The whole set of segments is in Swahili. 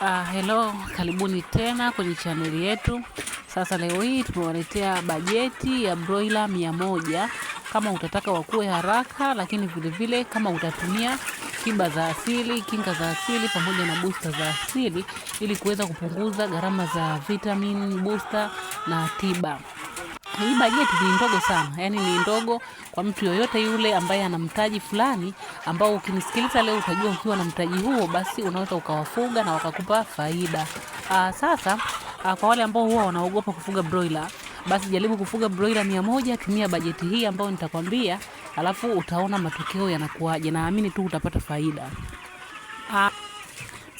Ah, hello, karibuni tena kwenye chaneli yetu. Sasa leo hii tumewaletea bajeti ya broiler mia moja kama utataka wakue haraka, lakini vilevile kama utatumia tiba za asili, kinga za asili pamoja na booster za asili ili kuweza kupunguza gharama za vitamin booster na tiba hii bajeti ni ndogo sana, yani ni ndogo kwa mtu yoyote yule ambaye ana mtaji fulani ambao ukimsikiliza leo utajua ukiwa na mtaji huo basi unaweza ukawafuga na wakakupa faida. Aa, ah, sasa aa, ah, kwa wale ambao huwa wanaogopa kufuga broiler basi jaribu kufuga broiler mia moja. Tumia bajeti hii ambayo nitakwambia, alafu utaona matokeo yanakuwaje. Naamini tu utapata faida. Aa. Ah,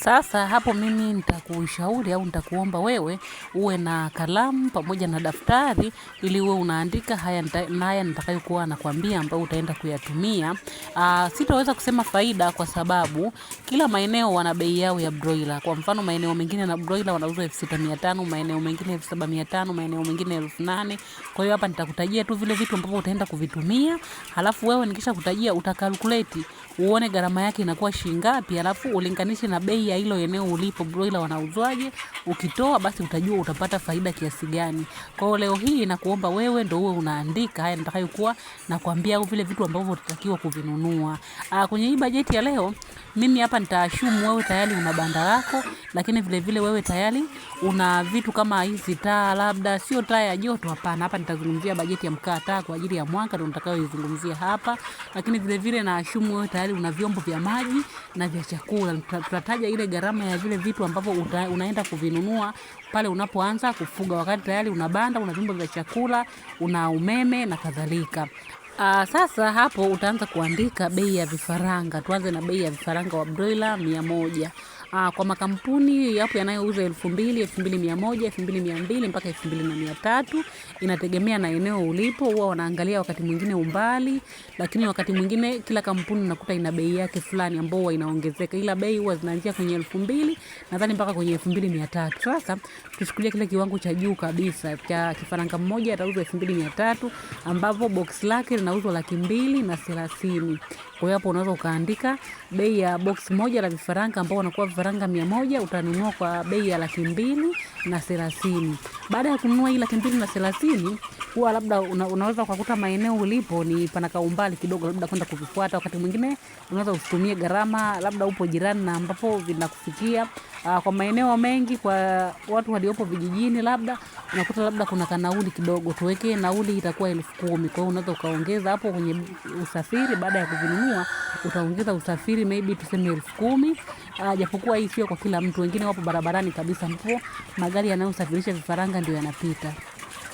sasa hapo mimi nitakushauri au nitakuomba wewe uwe na kalamu pamoja na daftari, ili uwe unaandika haya na haya nitakayokuwa nakwambia, ambayo utaenda kuyatumia. Aa, ah, sitaweza kusema faida kwa sababu kila maeneo wana bei yao ya broiler. Kwa mfano maeneo mengine na broiler wanauza elfu sita mia tano maeneo mengine elfu saba mia tano maeneo mengine elfu nane Kwa hiyo hapa nitakutajia tu vile vitu ambavyo utaenda kuvitumia, halafu wewe nikisha kutajia utakalkuleti uone gharama yake inakuwa shilingi ngapi, halafu ulinganishe na bei ya hilo eneo ulipo, broiler wanauzwaje. Ukitoa basi utajua utapata faida kiasi gani. Kwa hiyo leo hii nakuomba wewe ndio uwe unaandika haya nitakayokuwa nakwambia, au vile vitu ambavyo utatakiwa kuvinunua. Ah, kwenye hii bajeti ya leo mimi hapa nitaashumu wewe tayari una banda lako, lakini vile vile wewe tayari una vitu kama hizi taa, labda sio taa ya joto. Hapana, hapa nitazungumzia bajeti ya mkaa taa kwa ajili ya mwaka ndio nitakayoizungumzia hapa, lakini vile vile naashumu wewe tayari una vyombo vya maji na vya chakula, tutataja ile gharama ya vile vitu ambavyo unaenda kuvinunua pale unapoanza kufuga, wakati tayari una banda, una vyombo vya chakula, una umeme na kadhalika. Aa, ah, sasa hapo utaanza kuandika bei ya vifaranga. Tuanze na bei ya vifaranga wa broiler mia moja. Uh, kwa makampuni yapo yanayouza elfu mbili, elfu mbili mia moja, elfu mbili mia mbili mpaka elfu mbili na mia tatu inategemea na eneo ulipo. Huwa wanaangalia wakati mwingine umbali, lakini wakati mwingine kila kampuni nakuta ina bei yake fulani ambayo huwa inaongezeka, ila bei huwa zinaanzia kwenye elfu mbili nadhani mpaka kwenye elfu mbili mia tatu Sasa tuchukulie kile kiwango cha juu kabisa cha kifaranga mmoja atauzwa elfu mbili mia tatu ambapo box lake linauzwa laki mbili na thelathini. Kwa hiyo hapo unaweza ukaandika bei ya box moja la vifaranga ambao wanakuwa vifaranga mia moja utanunua kwa bei ya laki mbili na thelathini. Baada ya kununua hii laki mbili na thelathini huwa labda una, unaweza ukakuta maeneo ulipo ni panaka umbali kidogo, labda kwenda kuvifuata. Wakati mwingine unaweza usitumie gharama, labda upo jirani na ambapo vinakufikia. Uh, kwa maeneo mengi kwa watu waliopo vijijini, labda unakuta labda kuna kanauli kidogo, tuwekee nauli itakuwa elfu kumi. Kwa hiyo unaweza ukaongeza hapo kwenye usafiri, baada ya kuvinunua utaongeza usafiri maybe tuseme elfu kumi uh, japokuwa kuwa hii sio kwa kila mtu. Wengine wapo barabarani kabisa, ambapo magari yanayosafirisha vifaranga ndio yanapita.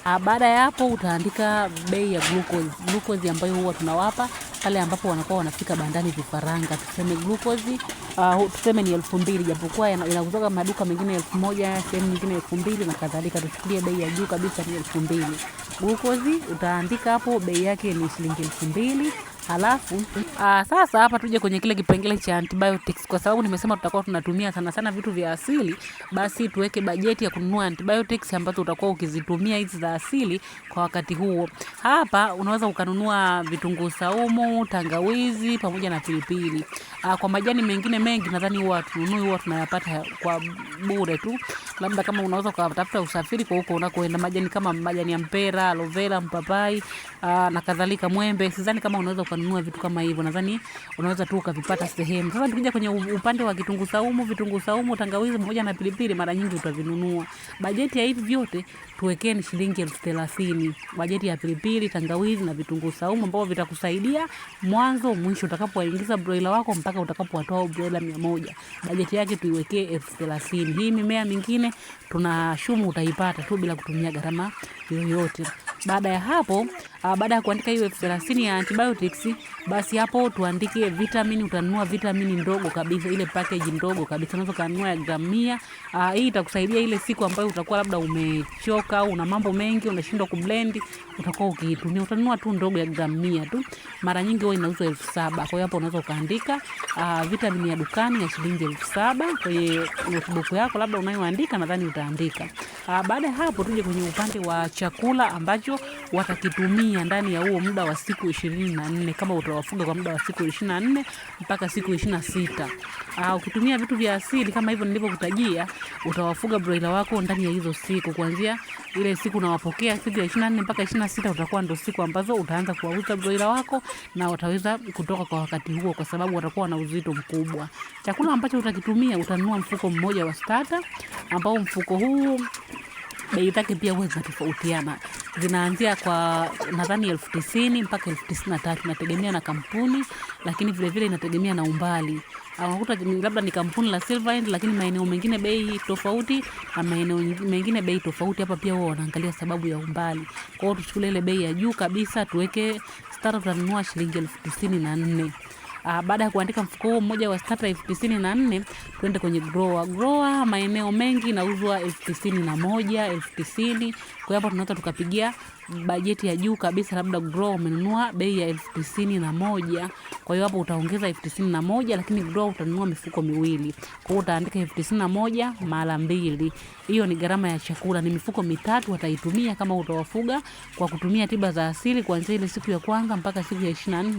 Ah, baada ya hapo, utaandika bei ya glucose, glucose ambayo huwa tunawapa pale ambapo wanakuwa wanafika bandani vifaranga. Tuseme glucose uh, tuseme ni elfu mbili japokuwa inakutoka maduka mengine elfu moja sehemu nyingine elfu mbili na kadhalika. Tuchukulie bei ya juu kabisa ni elfu mbili. glukozi. utaandika hapo bei yake ni shilingi elfu mbili Halafu aa, ah, sasa hapa tuje kwenye kile kipengele cha antibiotics, kwa sababu nimesema tutakuwa tunatumia sana sana vitu vya asili. Basi tuweke bajeti ya kununua antibiotics ambazo utakuwa ukizitumia hizi za asili kwa wakati huo. Hapa unaweza ukanunua vitunguu saumu, tangawizi pamoja na pilipili. Aa, ah, kwa majani mengine mengi nadhani huwa tununui, huwa tunayapata kwa bure tu labda kama unaweza ukatafuta usafiri kwa huko unakoenda, majani kama majani ya mpera, aloe vera, mpapai ah, na kadhalika, mwembe. Sidhani kama unaweza ukanunua vitu kama hivyo, nadhani unaweza tu ukavipata sehemu. Sasa tukija kwenye upande wa kitunguu saumu, vitunguu saumu, tangawizi pamoja na pilipili, mara nyingi utavinunua. Bajeti ya hivi vyote tuwekeni shilingi elfu thelathini bajeti ya pilipili, tangawizi na vitunguu saumu, ambavyo vitakusaidia mwanzo mwisho utakapoingiza broila wako mpaka utakapowatoa broila mia moja. Bajeti yake tuiwekee elfu thelathini. Hii mimea mingine nyingine tunashumu utaipata tu bila kutumia gharama yoyote. Baada ya hapo, ah, baada ya kuandika hiyo elfu thelathini ya antibiotics, basi hapo tuandike vitamin. Utanunua vitamin ndogo kabisa, ile package ndogo kabisa, unaweza kununua ya gramu mia. Ah, hii itakusaidia ile siku ambayo utakuwa labda umechoka au una mambo mengi unashindwa kublend, utakuwa ukiitumia. Utanunua tu ndogo ya gramu mia tu, mara nyingi huwa inauzwa elfu saba. Kwa hiyo hapo unaweza ukaandika ah, vitamin ya dukani ya shilingi elfu saba kwenye notebook yako labda unayoandika, nadhani utaandika. Baada ya hapo, tuje kwenye upande wa chakula ambacho ambacho watakitumia ndani ya huo muda wa siku 24 kama utawafuga kwa muda wa siku 24 mpaka siku 26. na sita. Aa, ah, ukitumia vitu vya asili kama hivyo nilivyokutajia, utawafuga broiler wako ndani ya hizo siku kuanzia ile siku unawapokea siku ya 24 mpaka 26 utakuwa ndio siku ambazo utaanza kuwauza broiler wako na wataweza kutoka kwa wakati huo, kwa sababu watakuwa na uzito mkubwa. Chakula ambacho utakitumia, utanunua mfuko mmoja wa starter ambao mfuko huu bei zake pia huwa zinatofautiana, zinaanzia kwa nadhani elfu tisini mpaka elfu tisini na tatu inategemea na kampuni, lakini vilevile inategemea na umbali. Ah, unakuta labda ni kampuni la Silverend, lakini maeneo mengine bei tofauti na maeneo mengine bei tofauti. Hapa pia huwa wanaangalia sababu ya umbali. Kwa hiyo tuchukule ile bei ya juu kabisa tuweke stara, tunanunua shilingi elfu tisini na nne Uh, baada ya kuandika mfuko huo mmoja wa starter elfu tisini na nne tuende kwenye grower. Grower maeneo mengi inauzwa elfu tisini na moja elfu tisini kwa hapo tunaweza tukapigia bajeti ya juu kabisa, labda grow umenunua bei ya elfu tisini na moja. Kwa hiyo hapo utaongeza elfu tisini na moja lakini grow utanunua mifuko miwili. Kwa hiyo utaandika elfu tisini na moja mara mbili. Hiyo ni gharama ya chakula, ni mifuko mitatu wataitumia kama utawafuga kwa kutumia tiba za asili kuanzia ile siku ya kwanza mpaka siku ya 24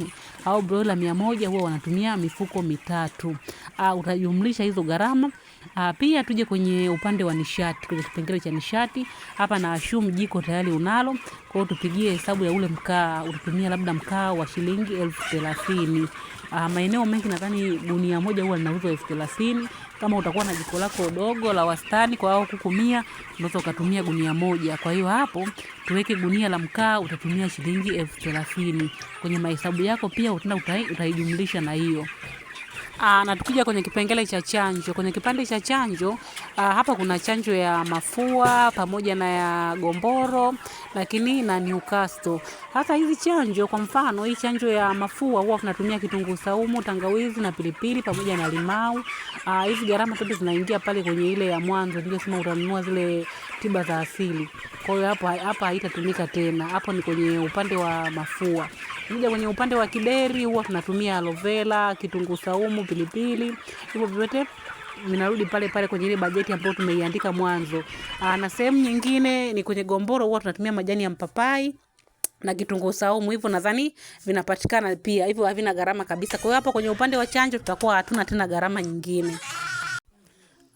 au broiler 100 huwa wanatumia mifuko mitatu. Uh, utajumlisha hizo gharama. Uh, pia tuje kwenye upande wa nishati, kwenye kipengele cha nishati hapa na chum jiko tayari unalo. Kwa hiyo tupigie hesabu ya ule mkaa, utatumia labda mkaa wa shilingi elfu thelathini. Ah, maeneo mengi nadhani gunia moja huwa linauzwa elfu thelathini. Kama utakuwa na jiko lako dogo la wastani kwa hao kuku mia, unaweza ukatumia gunia moja. Kwa hiyo hapo tuweke gunia la mkaa utatumia shilingi elfu thelathini. Kwenye mahesabu yako pia utaenda utaijumlisha na hiyo. Aa, ah, na tukija kwenye kipengele cha chanjo, kwenye kipande cha chanjo aa, ah, hapa kuna chanjo ya mafua pamoja na ya gomboro lakini na Newcastle. Hasa hizi chanjo, kwa mfano hii chanjo ya mafua huwa tunatumia kitunguu saumu, tangawizi na pilipili pamoja na limau. Aa, ah, hizi gharama zote zinaingia pale kwenye ile ya mwanzo niliyosema utanunua zile tiba za asili. Kwa hiyo hapa hapa haitatumika tena. Hapo ni kwenye upande wa mafua. Kuja kwenye upande wa kideri, huwa tunatumia aloe vera, kitunguu saumu, pilipili, hivyo vyote vinarudi pale pale kwenye ile bajeti ambayo tumeiandika mwanzo. Ah, na sehemu nyingine ni kwenye gomboro, huwa tunatumia majani ya mpapai na kitunguu saumu, hivyo nadhani vinapatikana pia, hivyo havina gharama kabisa. Kwa hiyo hapo kwenye upande wa chanjo tutakuwa hatuna tena gharama nyingine.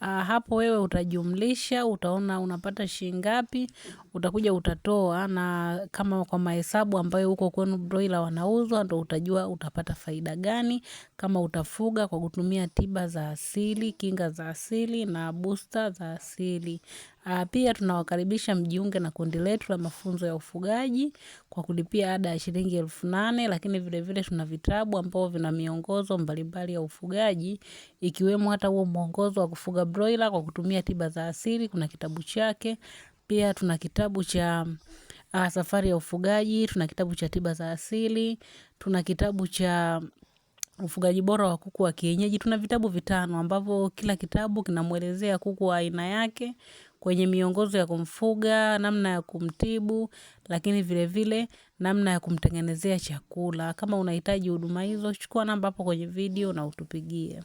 Uh, hapo wewe utajumlisha, utaona unapata shilingi ngapi, utakuja utatoa, na kama kwa mahesabu ambayo huko kwenu broiler wanauzwa, ndo utajua utapata faida gani kama utafuga kwa kutumia tiba za asili, kinga za asili na booster za asili. Ah, pia tunawakaribisha mjiunge na kundi letu la mafunzo ya ufugaji kwa kulipia ada ya shilingi elfu nane lakini vilevile tuna vitabu ambavyo vina miongozo mbalimbali ya ufugaji ikiwemo hata huo mwongozo wa kufuga broila kwa kutumia tiba za asili kuna kitabu chake. Pia tuna kitabu cha ah, safari ya ufugaji, tuna kitabu cha tiba za asili, tuna kitabu cha ufugaji bora wa kuku wa kienyeji. Tuna vitabu vitano ambavyo kila kitabu kinamwelezea kuku wa aina yake kwenye miongozo ya kumfuga, namna ya kumtibu, lakini vile vile namna ya kumtengenezea chakula. Kama unahitaji huduma hizo, chukua namba hapo kwenye video na utupigie.